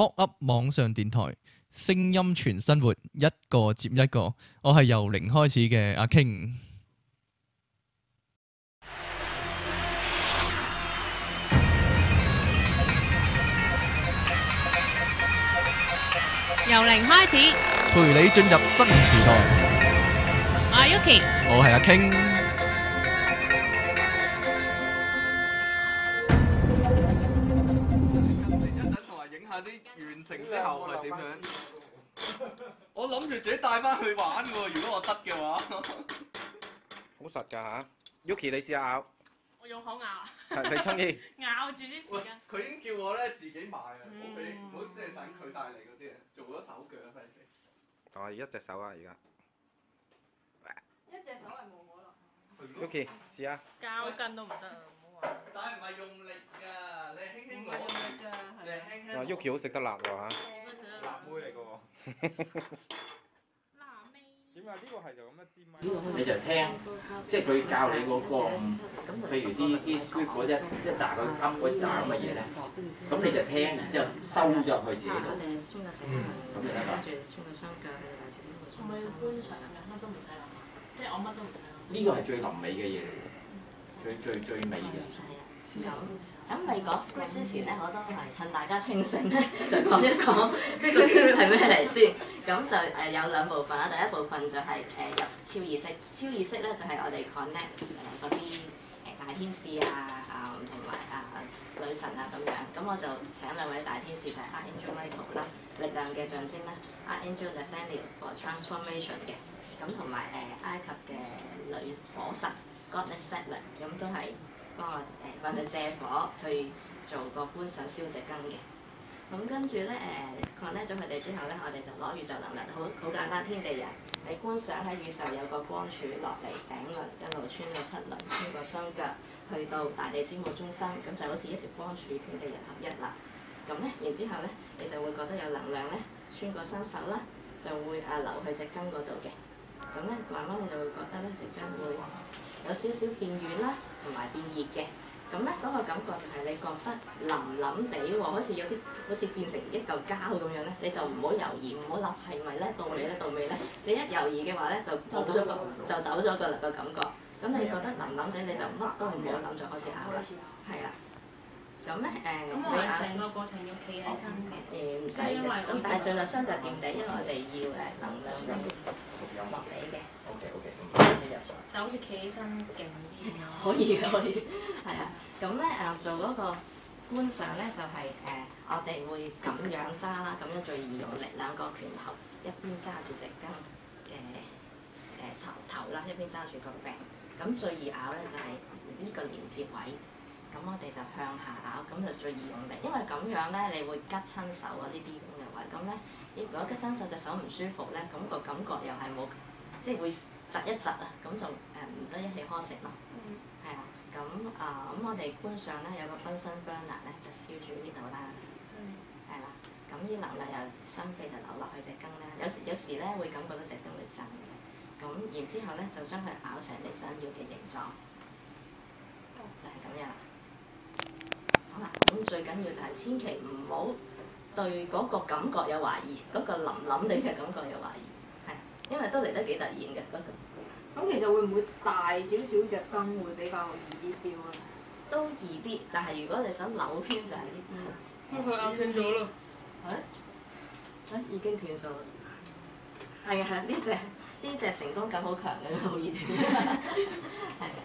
酷 Up 網上電台，聲音全生活，一個接一個。我係由零開始嘅阿 King，由零開始，陪你進入新時代。阿 Yuki，我係阿 King。之後係點樣？我諗住自己帶翻去玩噶，如果我得嘅話，好實噶吓。Yuki，你試下咬。我用口咬。係你锺意。咬住啲時間。佢已經叫我咧自己買啊，唔好唔好即係等佢帶嚟嗰啲啊，做咗手腳嘅費事。仲係一隻手啊，而家。喂，一隻手係冇可能。Yuki，試下。膠筋都唔得。但係唔係用力㗎，你輕輕攞㗎，係啊。啊，Yuki 好食得辣喎嚇，辣妹嚟㗎喎。點解呢個係就咁樣？你就聽，即係佢教你嗰個，譬如啲啲 scrape 嗰一一紮佢啱嗰紮咁嘅嘢咧。咁你就聽，然之後收咗去自己度。嗯。咁就得啦。唔可以觀賞㗎，乜都唔使諗，即係我乜都唔諗。呢個係最臨尾嘅嘢嚟嘅。最最最美嘅，係啦。咁未講 script 之前咧，我都係趁大家清醒咧，就講一講，即係 script 係咩嚟先。咁 就誒有兩部分啦，第一部分就係誒入超意識，超意識咧就係我哋 connect 嗰啲誒大天使啊、呃、啊同埋啊女神啊咁樣。咁我就請兩位大天使就係 Archangel Michael 啦，力量嘅象徵啦，Archangel Nathaniel for transformation 嘅。咁同埋誒埃及嘅女火神。got a s e v 咁都係幫我誒揾佢借火去做個觀想燒匙羹嘅。咁、嗯、跟住咧誒，放低咗佢哋之後咧，我哋就攞宇宙能量，好好簡單天地人。你觀想喺宇宙有個光柱落嚟頂輪，一路穿到七輪，穿過雙腳，去到大地之母中心，咁就好似一條光柱，天地人合一啦。咁、嗯、咧，然之後咧，你就會覺得有能量咧，穿過雙手啦，就會誒、啊、流去匙羹嗰度嘅。咁、嗯、咧，慢慢你就會覺得咧，匙羹會～有少少變軟啦，同埋變熱嘅，咁咧嗰個感覺就係你覺得腍腍地喎，好似有啲好似變成一嚿膠咁樣咧，你就唔好猶豫，唔好諗係咪咧到尾咧到尾咧，你一猶豫嘅話咧就走咗個就走咗個個感覺。咁你覺得腍腍地你就乜都唔好諗就開始行啦，係啊。咁咧誒你啊，哦，誒唔使嘅，咁但係進入雙腳掂地，因為我哋要誒能量咧落地嘅。但好似企起身勁啲，可以可以，係 啊。咁咧誒做嗰個觀想咧，就係、是、誒、呃、我哋會咁樣揸啦，咁樣最易用力兩個拳頭一邊揸住隻羹嘅誒頭頭啦，一邊揸住個柄。咁、呃呃、最易拗咧就係呢個連接位。咁我哋就向下拗，咁就最易用力，因為咁樣咧你會拮親手啊呢啲咁嘅位。咁咧，如果拮親手隻手唔舒服咧，咁個感覺又係冇，即係會。窒一窒，啊，咁就誒唔得一氣呵成咯，係啦、mm，咁啊咁我哋觀上咧有個分身姜辣咧就燒住呢度啦，係啦、mm，咁啲能量又心肺就流落去隻羹咧，有時有時咧會感覺到隻羹會震嘅，咁、mm hmm. 然之後咧就將佢咬成你想要嘅形狀，就係、是、咁樣。Mm hmm. 好啦，咁最緊要就係千祈唔好對嗰個感覺有懷疑，嗰、那個腍腍哋嘅感覺有懷疑。都嚟得幾突然嘅，咁、喔、其實會唔會大少少隻燈會比較易啲掉啊？都易啲，但係如果你想扭斷就係呢啲。咁佢拗斷咗啦。啊？已經斷咗。係啊，呢隻呢隻成功感好強嘅，好易斷。係啊，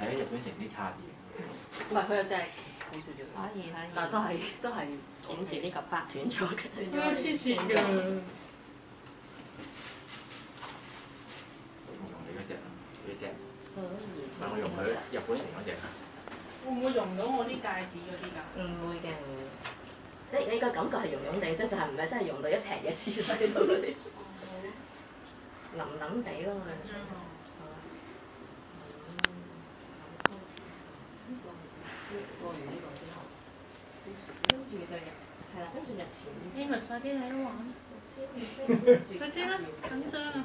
喺日本成啲差啲。唔係佢又真係好少少，啊易，但都係都係頂住呢嚿花斷咗嘅。痴線㗎！會會我用佢日本嗰隻，會唔會用到我啲戒指嗰啲㗎？唔會嘅，即係你個感覺係、就係、融融地，即就係唔係真係融到一平嘢黐曬落嗰啲，腍腍地咯嘛。過完呢個之後，跟住就入，係啦，跟住入，唔知咪快啲喺度玩，快啲啦，講先啦。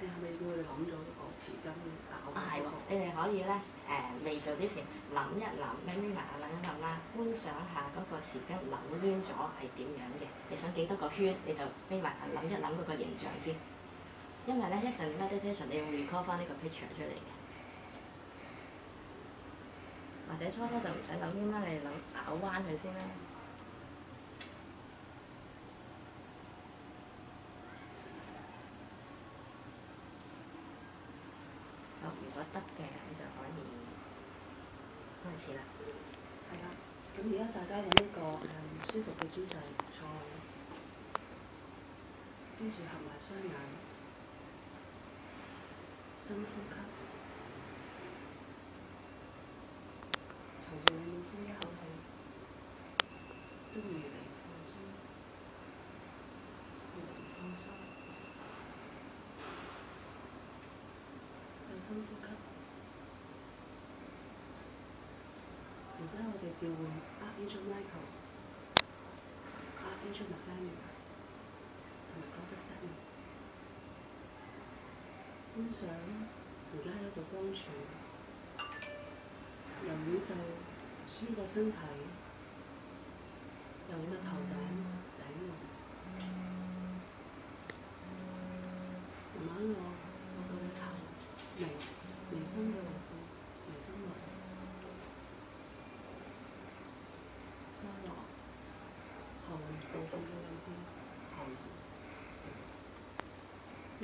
你未到，你諗咗個匙羹扭？啊係喎，你哋可以咧誒、呃、未做之前諗一諗，孭孭埋啊諗一諗啦，觀賞下嗰個匙羹扭攣咗係點樣嘅？你想幾多個圈你就孭埋啊諗一諗佢個形象先，因為咧一陣 meditation 你要 recall 翻呢個 picture 出嚟嘅，或者初初就唔使扭攣啦，你扭咬彎佢先啦。如果得嘅，你就可以開始啦。係啊，咁而家大家用一個誒、嗯、舒服嘅姿勢坐，跟住合埋雙眼，深呼吸。而家我哋召喚阿 Angel Michael、阿 Angel Maria，同埋 God 的恩典。觀想而家喺度光柱，由宇宙穿過身體，由額頭。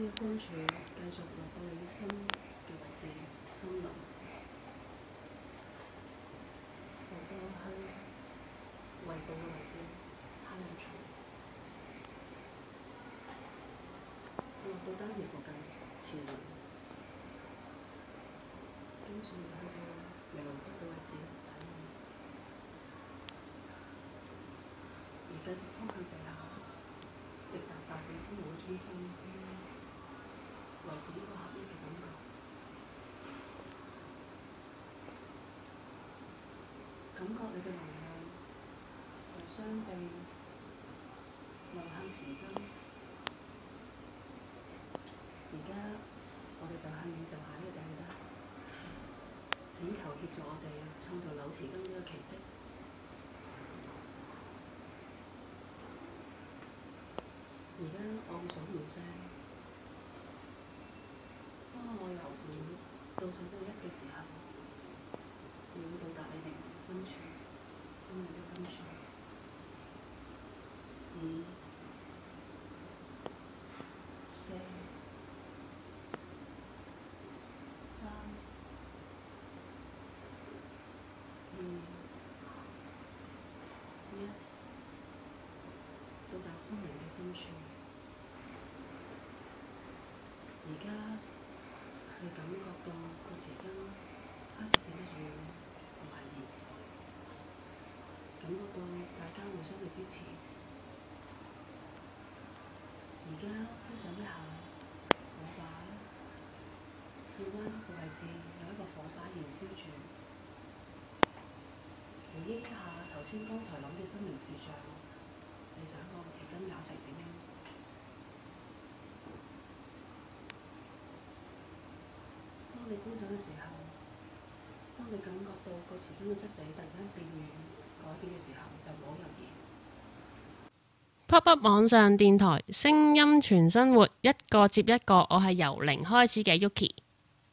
跟住繼續落到去心嘅位置，森林好多喺胃部嘅位置，黑林場落到丹田附近前，跟住落去第二個位置，而繼續通過地下，直達大地嘅中心。來自呢個合一嘅感覺，感覺你嘅能量由雙臂流向匙羹。而家我哋就向宇宙海嘅地底啦，請求協助我哋創造扭匙羹呢個奇蹟。而家暗爽而逝。我到數到一嘅時候，你要到達你靈魂深處、心靈嘅深處。二、四、三、二、一，到達心靈嘅深處。而家。你感覺到個匙羹開始變得軟，同埋熱。感覺到大家互相嘅支持。而家回想一下火把，熱灣嘅位置有一個火把燃燒住。回憶一下頭先剛才諗嘅生命事象，你想個匙羹搞成點樣？煲水嘅時候，當你感覺到個瓷煲嘅質地突然間變軟改變嘅時候，就冇入鹽。PopUp 網上電台，聲音全生活，一個接一個，我係由零開始嘅 Yuki。